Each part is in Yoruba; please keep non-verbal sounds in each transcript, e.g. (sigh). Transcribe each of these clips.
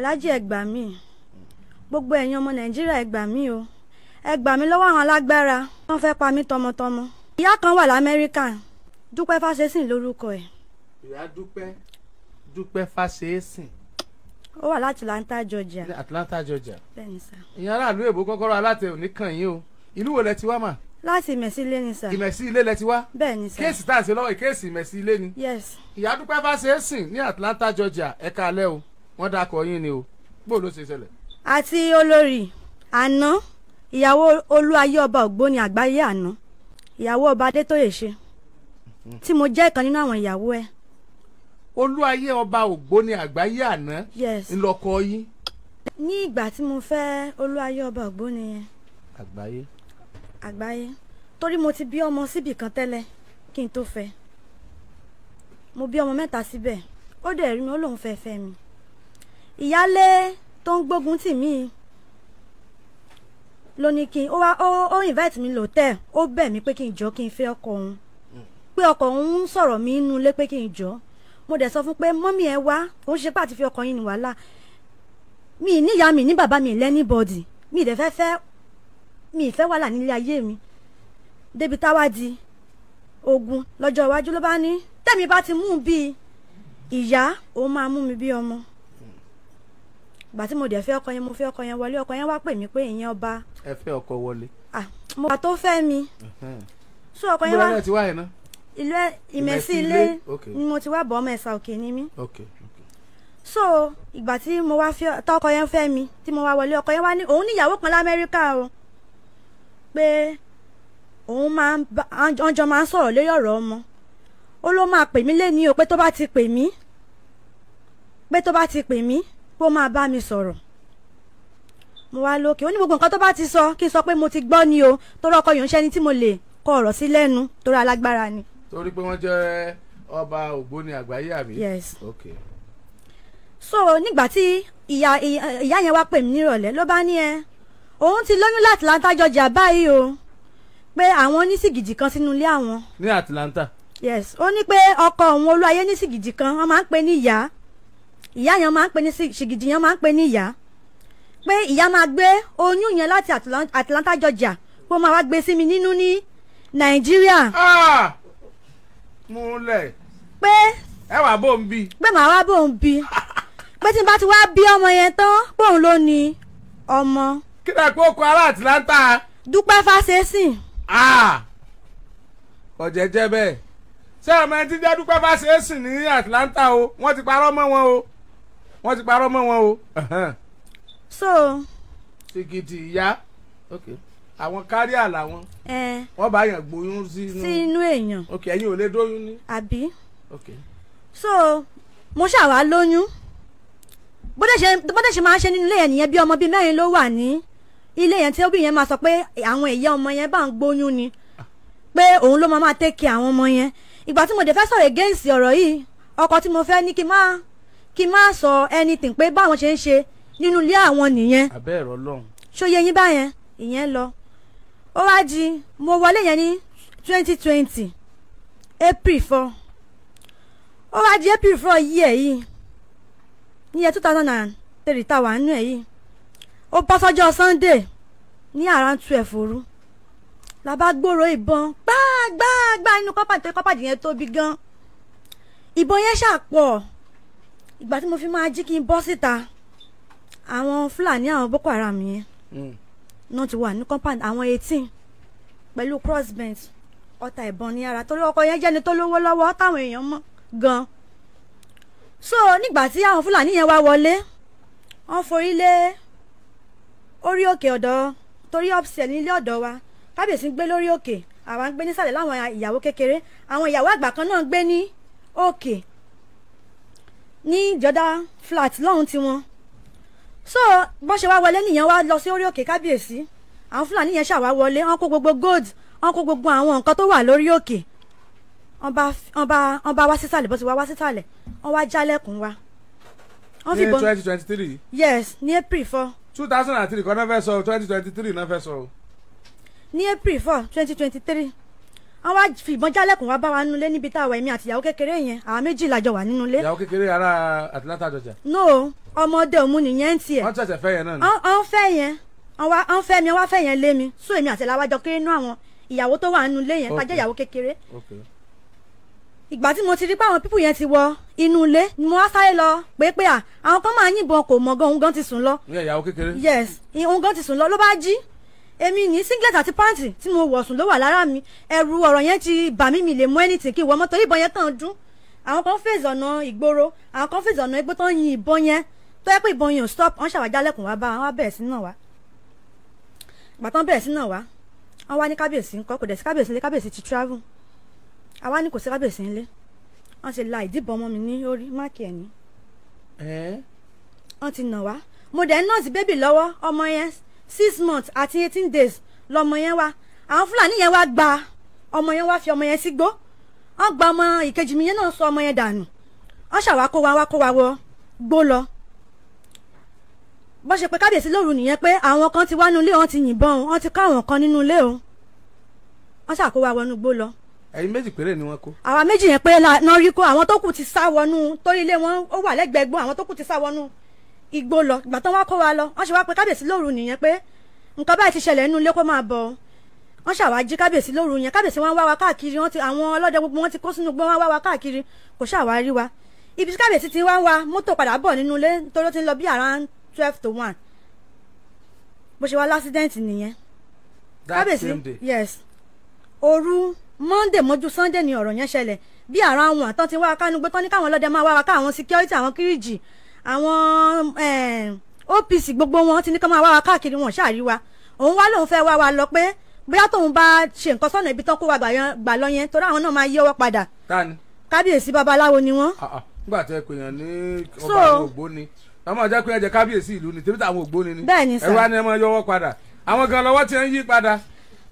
aláàjì ẹ gbà mí gbogbo ẹ̀yin ọmọ nàìjíríà ẹ gbà mí o ẹ gbà mí lọ́wọ́ àwọn alágbára wọ́n fẹ́ pa mí tọmọtọmọ ìyá kan wà lamẹ́ríkà dúpẹ́ fáṣẹ́sìn lórúkọ ẹ̀. ìyá dúpẹ́ dúpẹ́ fáṣẹ́sìn. ó wà láti atlanta georgia. atlanta georgia. bẹ́ẹ̀ni sá. ìyẹn aráàlú èbó kọ́kọ́rọ́ alátẹ òní kàn o ìlú wo lẹ ti wá mà. láti ìmẹ̀sí ilé ni sá. ìmẹ̀sí ilé lẹ ti wá. bẹ́ẹ̀ni sá. kéèsì tá à ń ṣe lọ́wọ́ kéèsì ìmẹ̀sí ilé ni. yes. ìyá dúpẹ́ fáṣẹ́sìn ní atlanta georgia ẹ̀ka alẹ́ o wọ́n dakọ̀ yín ni o bó ló ṣe ṣẹlẹ̀. àti olórí àná ìyàwó olúayé ọba ògbóni àgbáyé àná ìyàwó ọba adétóyè ṣe tí mo jẹ́ ìkan nínú àwọn ìyàwó ẹ. olúayé ọba ògbóni àgbáyé àná ńlọkọ yín. ní ìgbà tí mo fẹ́ olúayé ọba ògbóni yẹn. àgbáyé. àgbáyé torí mo ti bí ọmọ síbì kan tẹ́lẹ̀ kí n tó fẹ́ mo bí ọmọ mẹ́ta síbẹ̀ ó dẹ̀ rí mi ó lóun fẹ́ fẹ́ mi ìyálé tó ń gbógun tì mí ló ní kí ó wá ó invite mi lòtẹ́ ó bẹ̀ mí pé kí n jọ kí n fẹ́ ọkọ òun pé ọkọ òun sọ̀rọ̀ mí nínú ilé pé kí n jọ mo dẹ̀ sọ fún pé mọ́mí ẹ wá ó ń ṣe pé fi ọkọ yín ní wàhálà mi níyà mi ní bàbá mi lẹ́ní bọ́dì mi ìdẹ́ fẹ́ fẹ́ mi ìfẹ́ wàhálà nílé ayé mi débi táwa di ogun lọ́jọ́ iwájú ló bá ní tẹ́mi bá ti mú bíi ìyá òun máa mú mi bí ọmọ gbà tí mo dẹ̀ fẹ́ ọkọ yẹn mo fẹ́ ọkọ yẹn wọlé ọkọ yẹn wá pè mí pé ìyẹn ọba. ẹ fẹ́ ọkọ wọlé. ah mo gbà tó fẹ́ mi. so ọkọ yẹn wá ìlú ẹ̀ ti wá ìmẹ̀sí ilé ni mo ti wá bọ̀ ọmọ ẹ̀sà òkè ni mí. so ìgbà tí mo wá fẹ́ tọkọ yẹn fẹ́ mi tí mo wá wọlé ọkọ yẹn wá ní òun níyàwó kan lamẹ́ríkà o pé òun máa ń ọjọ́ máa ń sọ̀rọ̀ lórí ọ̀rọ̀ ọmọ ó ló máa pè mí lẹ́ni o pé tó bá ti pè mí pé tó bá ti pè mí kó máa bá mi sọ̀rọ̀ mo wá lókè ó ní gbogbo nǹkan tó bá ti sọ kí n sọ pé mo ti gbọ́ ni o torí ọkọ yòó ń ṣẹ́ni tí mo lè kọ ọ̀rọ̀ sí lẹ́nu torí alágbára ni. torí pé wọ́n jẹ́ ọba ògbóni àgbáyé àbí. yes okay. so nígbà tí ìyá ìyá yẹn wá pè mí nírọ̀lẹ́ ló bá ní ẹ òun ti lóyún láti Atlanta Georgia báyìí o pé àwọn ní kan sínú ilé àwọn. ní Atlanta. yes ó ní pé ọkọ òun olúwayé ní sìgìdì kan wọ́n máa ń pè ní ìyá ìyá yẹn máa ń pè ní ṣìgìdì yẹn máa ń pè ní ìyá pé ìyá máa gbé oyún yẹn láti Atlanta Georgia kó máa wá gbé sí mi nínú ní Nàìjíríà. Ah! múlẹ̀. pé ẹ wà bò ń bí. pé màá wá bò ń bí pé tí n bá ti wá bí ọmọ yẹn tán bóun ló ní ọmọ. kí lè kó oko ará Atlanta. Dúpẹ́ Fásẹ́sìn. Ah! ọ̀jẹ̀ jẹ́ bẹ́ẹ̀ ṣé ọmọ ẹni tí jẹ́ Dúpẹ́ Fásẹ́sìn ní Atlanta o wọ́n ti parọ́ mọ́ wọn o wọ́n ti parọ́ mọ́ wọn o. so. sìkìtì ìyá àwọn káríà làwọn. wọ́n bá yàn gboyún sínú. sínú èèyàn. ok ẹ̀yin ò lè dóyún ní. àbí. ok. so mo ṣàwá lóyún bó ṣe máa ń ṣe nínú ilé yẹn nìyẹn bí ọmọ bíi mẹ́rin ló wà ní ilé yẹn tí òbí yẹn máa sọ pé àwọn ìyá ọmọ yẹn bá ń gbóyún ni pé òun ló máa máa tẹ́kẹ̀ àwọn ọmọ yẹn ìgbà tí mo dẹ̀ fẹ́ sọ̀rọ̀ against ọ̀rọ̀ yìí ọkọ tí mo fẹ́ ní kí n máa kí n má sọ anything pé báwọn ṣe ń ṣe nínú ilé àwọn nìyẹn. abẹ́ ẹ̀rọ lọ́hùn. ṣóye yín báyẹn ìyẹn lọ ó wá di mo wọlé yẹn ní twenty twenty april four ó wá di april four yí ẹ̀ yìí níyẹn two thousand and three tá wà nínú ẹ̀ yìí ó bọ́ sọ́jọ́ sunday ní around twelve òru la bá gbòòrò ìbọn gbáàgbáàgbá inú kọ́pàdé kọ́pàdé yẹn tóbi gan ìbọn yẹn ṣàpọ̀ ìgbà tí mo fi máa jí kí n bọ́ síta àwọn fúlàní àwọn boko haram yẹn hmm. náà ti wà ní compound àwọn eighteen pẹ̀lú crossbent ọta ìbọn ní ara torí ọkọ yẹn jẹ́ni tó lówó lọ́wọ́ táwọn èèyàn mọ̀ gan so nígbà tí àwọn fúlàní yẹn wá wọlé wọ́n forí lé orí òkè ọ̀dọ̀ torí ọ̀pṣẹ̀ nílé ọ̀dọ̀ wa kábíyèsí ń gbé lórí òkè àwa ń gbé nísàlẹ̀ láwọn ìyàwó kékeré àwọn ìyàwó àgbà kan náà ń gbé ní òkè. Okay ní ìjọdá flat lọ́hùn tiwọn so bó ṣe wá wọlé nìyẹn wá lọ sí orí òkè kábíyèsí àwọn fúlàní yẹn ṣàwá wọlé wọn kó gbogbo gold wọn kó gbogbo àwọn nǹkan tó wà lórí òkè wọn bá wá sísàlẹ̀ bó ti wá wá sísàlẹ̀ wọn wá jálẹ̀kùn wa. ní twenty twenty three. yes ní april four. two thousand and three kọ́ náà fẹ́ sọ twenty twenty three náà fẹ́ sọ. ní april four twenty twenty three wọn wá fìbọn jálẹ̀kùn wá bá wa nínú ilé níbi tá a wà èmi àti ìyàwó kékeré yẹn àwọn méjì la jọ wà nínú ilé. ìyàwó kékeré ará Atlanta Georgia. no ọmọdé òmu nìyẹn ń tiẹ̀. wọ́n ṣẹ̀ṣẹ̀ fẹ́ yẹn náà ni. wọ́n fẹ́ yẹn wọ́n fẹ́ mi wọ́n fẹ́ yẹn lé mi sún èmi àti ìlà wájọ kéré nú àwọn ìyàwó tó wà nínú ilé yẹn tá jẹ́ ìyàwó kékeré. ìgbà tí mo ti rí pé àwọn pípù yẹn ti wọ inú ilé ni mo wá sáré lọ pé pé à àwọn kan máa yìnbọn kò mọ̀ gan òun ti sùn lọ. ìyàwó kékeré. yes òun gan ti sùn lọ ló bá jí èmi ní singlet àti pàǹtì tí mo wọ̀ sùn ló wà lára mi ẹ̀rù ọ̀rọ̀ yẹn ti bà mí mi lè mú anything kí ìwọ mọ́tò ìbọn yẹn kàn dún àwọn kan fèsì ọ̀nà ìgboro àwọn kan fèsì ọ̀nà igbó tó ń yin ìbọn yẹn tó yẹ pé ìbọn yẹn stop wọ́n ṣàwájá lẹ́kùn wá bá wọn bẹ̀rẹ̀ sí náà wá ìgbà tán bẹ̀rẹ̀ sí náà wá wọ́n wá ní kábíyèsí ńkọ́ kò dẹ̀ sí kábíyèsí ńlé kábíyèsí ti travel àwa ní kò sí kábíyèsí ńlé wọ́n ti la ìdìbò ọmọ mi mo dẹ̀ ń nọ́ọ̀sì bébì lọ́wọ́ ọmọ yẹn six months àti eighteen days lọmọ yẹn wá àwọn fúlàní yẹn wá gba ọmọ yẹn wá fi ọmọ yẹn sígbó wọn gba ọmọ ìkejì mi yẹn náà sọ ọmọ yẹn dànù wọn ṣàwákó wa wákó wa wọ gbó lọ bó ṣe pé kábíyèsí lóru nìyẹn pé àwọn kan ti wá nu ilé wọn ti yìnbọn wọn ti ká àwọn kan nínú ilé o wọn ṣàkó wa wọnú gbó lọ. ẹyin méjì péré ni wọn kó. àwa méjì yẹn péré náà rí kó àwọn tó kù ti sá wọnú torí ilé wọn ó wà lẹ́gbẹ̀ẹ́ àwọn tó kù ti sá wọnú igbó lọ ìgbà tán wá kó wa lọ wọ́n ṣe wá pé kábíyèsí lóru nìyẹn pé nǹkan báyìí ti ṣẹlẹ̀ nínú ilé kó máa bọ̀ wọ́n ṣàwájí kábíyèsí lóru yẹn kábíyèsí wọn wá wa káàkiri wọ́n ti àwọn ọlọ́dẹ gbogbo wọn ti kó sínú gbọ́n wọn wá wa káàkiri kò ṣàwárí wa ibi tí kábíyèsí ti wá wa mọ́tò padà bọ̀ nínú ilé nítorí ó ti ń lọ bí around twelve to one bó ṣe wá lásídẹ́ǹtì nìyẹn kábíyèsí yes Oru monday mọ́jú sunday ni ọ̀rọ̀ yẹn ṣẹlẹ̀ bí around one tán ti wá kánú gbé tán ní káwọn ọlọ́dẹ máa wá wa káwọn security àwọn kíríjì àwọn eh, OPC gbogbo wọn ti ní kán máa wá wa káàkiri wọn ṣáà rí wa òun wá lòun fẹ́ wá wa lọ pé bóyá tóun bá ṣe nǹkan sọ́nà ibi tán kó wa gbà lọ yẹn torí àwọn náà máa yí ọwọ́ padà kábíyèsí babaláwo ni wọ́n. Ah, ah, nígbà tí ẹ pè ní ọba àwọn ògbóni ọmọ ọjà pé ẹ kábíyèsí ìlú ni tèmi táwọn ògbóni ni ẹ wá ní ẹ máa yọ padà àwọn gan lọ́wọ́ ti ń yí padà.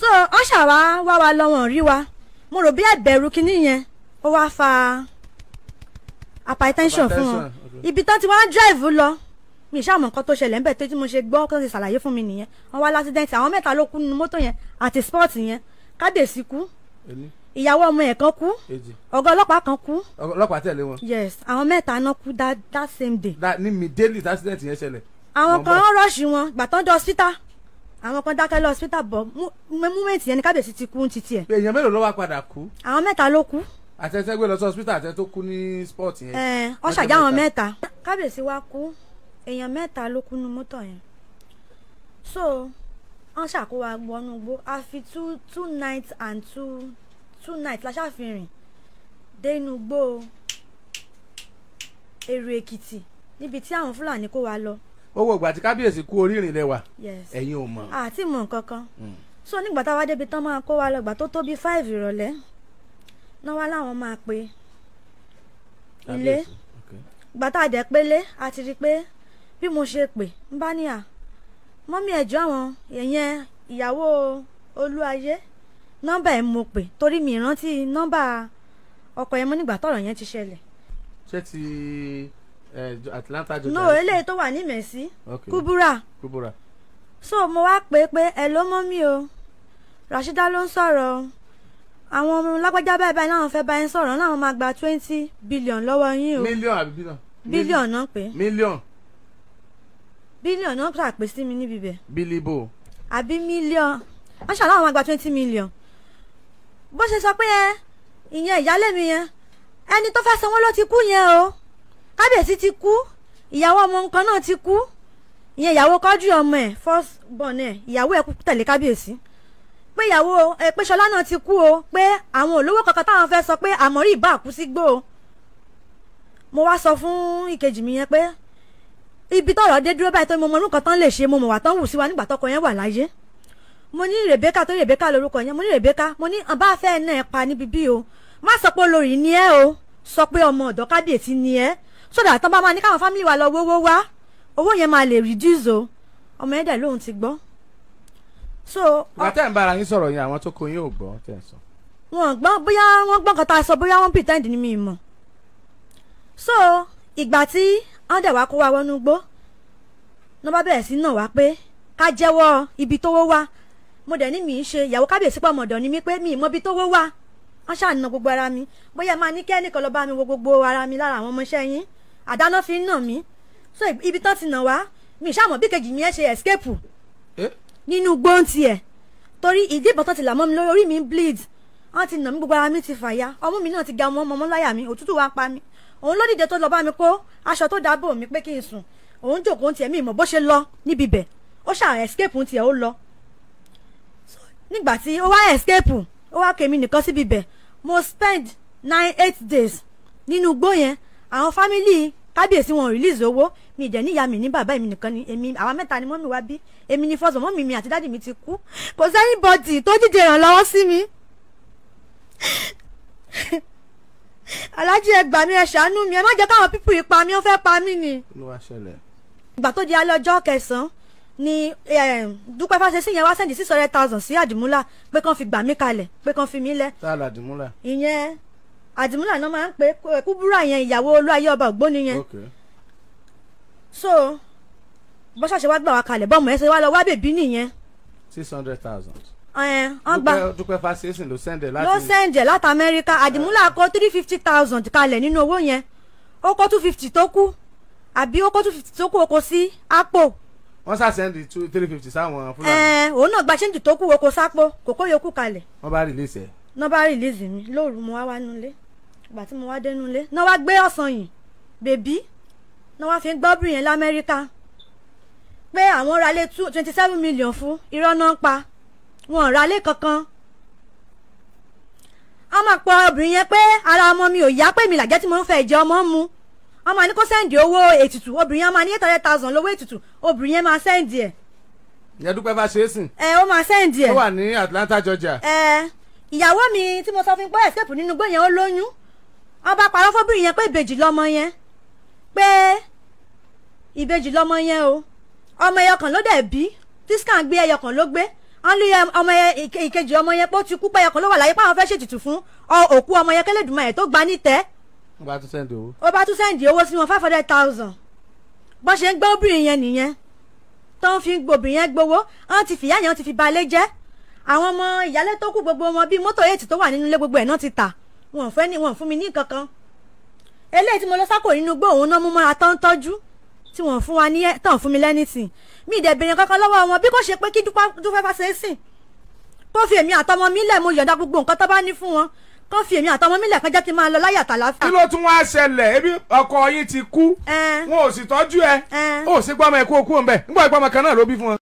so ọ ṣàwá wá wa lọ́wọ́n rí wa mo rò bí ẹ̀bẹ̀rù kinní yẹn ó wá fa hypertension fún wọn ibi tán ti wá drive lọ mi ṣáà mọ̀ nǹkan tó ṣẹlẹ̀ ńbẹ̀ tó tí mo ṣe gbọ́ kó ṣe ṣàlàyé fún mi nìyẹn wọ́n wá lásìdẹ́ǹtì àwọn mẹ́ta ló kú nínú mọ́tò yẹn àti sport yẹn kádèsí kú ìyàwó ọmọ ẹ̀ kan kú ọ̀gá ọlọ́pàá kan kú. ọlọ́pàá tẹ̀lé wọn. yes àwọn mẹ́ta náà kú that that same day. that ni mi daily accident yẹn ṣẹlẹ̀. àwọn kan ń rọ́ọ̀ṣì wọn gbàtàn dé hospital àwọn kan dákẹ́ lọ hospital bọ̀ moment yẹn ni kábíyèsí ti kú ní titi ẹ̀. èèyàn mélòó ló wá padà kú. àwọn mẹ́ta ló kú àtẹ̀tẹ̀ gbé lọ sí hospital àtẹ̀ tó kú ní sport yẹn. ẹ ọ ṣàjáwọn mẹ́ta kábíyèsí wa kú èèyàn mẹ́ta ló kú nu mọ́tò yẹn so wọ́n ṣàkówa gbọ́nú gbó a fi two two nights and two two nights la ṣàfihàn dé inú gbó èrò èkìtì níbi tí àwọn fúlàní kó wa lọ. owó ìgbà tí kábíyèsí kú orírìn lẹ́wà ẹ̀yin ò mọ̀. àti mọ̀ nǹkan kan hmm. so nígbà táwa débi tán máa kó wa lọ ìgbà tó tó bí five ìrọ̀lẹ́ náà wá láwọn máa pe ilé gbàtà dẹ̀ pélé a ti rí i pé bí mo ṣe pè ń bá ní à mọ́mí ẹ̀jọ́ àwọn èèyàn ìyàwó olúayé nọ́mbà ẹ̀ mo pè torí mi ìrántí nọ́mbà ọkọ yẹn mo nígbà tọ̀rọ̀ yẹn ti ṣẹlẹ̀. ṣé ti Atlanta jọjọ. no eléyìí tó wà ní mẹ̀sí kúbúrà kúbúrà so mo wá pé pé ẹ ló mọ́ mi o Rashida ló ń sọ̀rọ̀ o àwọn ọmọ lágbájá báyìí báyìí láwọn fẹ́ bá yín sọ̀rọ̀ láwọn máa gba twenty billion lọ́wọ́ yín o. mílíọ̀n àbí bílíọ̀n. bílíọ̀n náà pé. mílíọ̀n. bílíọ̀n náà ṣàpè sí mi níbi bẹ̀. bílíbò. àbí mílíọ̀n wọ́n ṣàlọ́ àwọn máa gba twenty million. bó ṣe sọ pé ìyẹn ìyálé mi yẹn ẹni tó fẹ́ sanwó ló ti kú yẹn o kábíyèsí ti kú ìyàwó ọmọ nǹkan náà ti kú ìyẹn ìyàwó kọjú ọmọ ẹ̀ first born ẹ̀ ìyàwó ẹ̀ kú tẹ̀lé kábíyèsí pé ìyàwó eh, pé ṣọlá náà ti kú o pé àwọn olówó kankan táwọn fẹ́ sọ pé àmọ́rí ìbá kú sí gbó o mo wá sọ fún ìkejì mi yẹn pé ibi tọ̀rọ̀ dé dúró báyìí tó mo mọ orúkọ tán lè ṣe mo mọ wà tán wù sí wa nígbà tọkọ yẹn wà láyé mo ní rèbékà tó rèbékà lórúkọ yẹn mo ní rèbékà mo ní àbá fẹ́ ẹ̀ náà pa níbi bí o má sọ pé olórí ni ẹ o sọ pé ọmọ ọ̀dọ́ kábíyèsí ni ẹ sódà tán bá máa ní káwọn fámìlì wa lọ wówó wá owó yẹn máa lè reduce o ọmọ ẹ̀dẹ̀ lóhun ti gbọ́ so. bàtẹ́ uh, ń bára yín sọ̀rọ̀ yẹn àwọn tó kọ yín ò gbọ́ tẹ̀ sọ. wọn gbọ́ bóyá wọ́n gbọ́ nǹkan tá sọ bóyá wọ́n pretend ni mi mọ̀ so ìgbà tí wọ́n dẹ̀ wá kó wa wọnú gbó ní wọ́n bá bẹ̀rẹ̀ sí náà wá pé ká jẹ́wọ́ ibi tówó wá mo dẹ̀ ní mi í ṣe ìyàwó kábíyèsí pọ̀ mọ̀dọ̀ ni mi pé mi ì mọ ibi tówó wá wọ́n ṣàna gbogbo ara mi bóyá máa ní kẹ́nìkan lọ́ọ́ bá mi wo gbogbo ara mi lára àwọn ọmọọṣẹ́ yín àdáná fi ń nà mí so ibi tán ti nà wá mi ìṣàmọ̀ bí kejì mi ṣe escape. Eh? nínú gbóǹtì ẹ̀ torí ìdí ìbọ̀tán ti là mọ́ mi lórí orí mi bleed wọ́n ti nà mí gbogbo ara mi ti fàya ọmú mi náà ti ga ọmọ ọmọ láyà mi òtútù wa pa mi òun ló dìde tó lọ bá mi kó aṣọ tó dábò mi pé kí n sùn òun jòkó tiẹ̀ mi ìmọ̀ bó ṣe lọ níbi bẹ̀ ó ṣà escape tiẹ̀ ó lọ nígbà tí ó wá escape ó wá kèmí nìkan síbi bẹ̀ mo spend nine eight days nínú igbó yẹn àwọn fámìlì kábíyèsí wọn release owó mi ìdẹ̀ níyà mi ní bàbá mi nìkan ni èmi àwa mẹ́ta ni mọ́mì wa bí èmi ni fọ́sọ̀ mọ́mì mi àti dáàdì mi ti kú kò sẹ́yìn bọ́dì tó dìde ìrànlọ́wọ́ sí mi. (laughs) alájí ẹ gbà mí ẹ ṣàánú mi ẹ má jẹ́ káwọn pípù yìí pa mí ó fẹ́ pa mí ni. ìgbà tó di alẹ́ ọjọ́ kẹsàn-án ni eh, dúpẹ́ fásitì yẹn wá sẹ́ndì six hundred thousand sí àdìmúlà pé kàn fi gbà mí kalẹ̀ pé kàn fi mí lẹ̀. tá a là àdìmúlà. ìyẹn àdìmúlà náà máa ń pè eh, kúbúrà yẹn ìyàwó olú ọba ògbóni yẹn so bó ṣàṣẹ wá gbà wá kalẹ̀ bọ́ọ̀mù ẹsẹ̀ wá lọ wá bèbí nìyẹn. six hundred thousand. ẹ ọ gba dúpẹ́ fásitì ló sẹ́ndẹ̀ láti. ló sẹ́ndẹ̀ láti amẹ́ríkà eh. àdìmúlà kó three fifty thousand kalẹ̀ nínú owó yẹn ó kó two fifty tó kù àbí ó kó two fifty tó kù ó kó sí àpò wọ́n sàṣẹ́ndì two three fifty sáwọn fúlàní. ẹ eh, òun náà gba ṣẹ́ndì tó kù oko sápò kòkó yòókù kalẹ̀. wọ́n bá rìlíìsì ẹ̀. wọ́n bá rìlíìsì mi lóru mo wá wá nulẹ̀ ìgbà tí mo wá dénú ilé náà wá gbé ọ̀sán yìí bèbí náà wá fi ń gbọ́bìrì yẹn lamẹ́ríkà pé àwọn ra lé twenty seven million fún irọ́ náà ń pa wọn ò ra lé kankan a máa pọ obìnrin yẹn pé ara ọmọ mi ò yá pé mi làjẹ́ tí mo ń fẹ́ ìjẹ ọmọ mu a ní kó sẹ́ǹdì owó ètùtù obìnrin yẹn máa ní eight hundred thousand lówó ètùtù obìnrin yẹn máa sẹ́ǹdì ẹ̀. ìyá dúpẹ́ bá ṣe é sìn. ẹ ó máa sẹ́ǹdì ẹ̀. ó wà ní Atlanta Georgia. ẹ ìyàwó mi tí mo sọ fún pé escape nínú gbé yẹn ó lóyún ọba parọ́ fóbìnrin yẹn pé ìbejì lọ́mọ yẹn pé ìbejì lọ́mọ yẹn o ọmọ ẹyọkàn ló dẹ̀ bí tíṣkàn gbé ẹyọkàn ló gbé wọn lé ọmọ ìkejì ọmọ yẹn pé ó ti kú pé ẹyọkàn ló wà láyé pé àwọn fẹ́ ṣètùtù fún òkú ọmọ yẹn kẹlẹ́dùnmọ́ ẹ̀ tó gba nítẹ́. ó bá tún sẹ́ǹdì owó. ó bá tún sẹ́ǹdì owó sí wọn five hundred thousand bó ṣe ń gbé obìnrin yẹn nìyẹn tó ń fi obìnrin yẹn gbowó wọn ti fìyà yẹn wọn ti fi balẹ̀ jẹ́ àwọn ọmọ ìyálé tó kú gbogbo wọn bíi mọ́tò eight tó wà nínú ilé gbogbo ẹ̀ náà ti tà wọn fẹ́ ni wọn fún mi ní kankan eléyìí tí mo lọ sákò nínú gbó òun náà mú mọ́ra tán tọ́jú tí wọ́n fún wa ní tán fún mi lẹ́nìtìn mi ìdẹ̀bìnrin kankan lọ́wọ́ wọn bí kò ṣe pé kí dúpẹ́ fà ṣe é sìn kó fi èmi àtọmọ mi lẹ̀ mo yọ̀ǹda gbogbo nǹkan tó bá ní fún wọn kó fi èmi àtọmọ mi lẹ̀ kan jẹ́ kí n máa lọ láyà tàlàfà. kí ló tún wáá ṣẹlẹ̀ ebi ọkọ yín ti kú wọn ò sì tọ́jú ẹ ò sì gbọ́mọ ẹ̀ kú òkú òǹbẹ̀ nígbà ìgbọ́mọ kan náà ló bí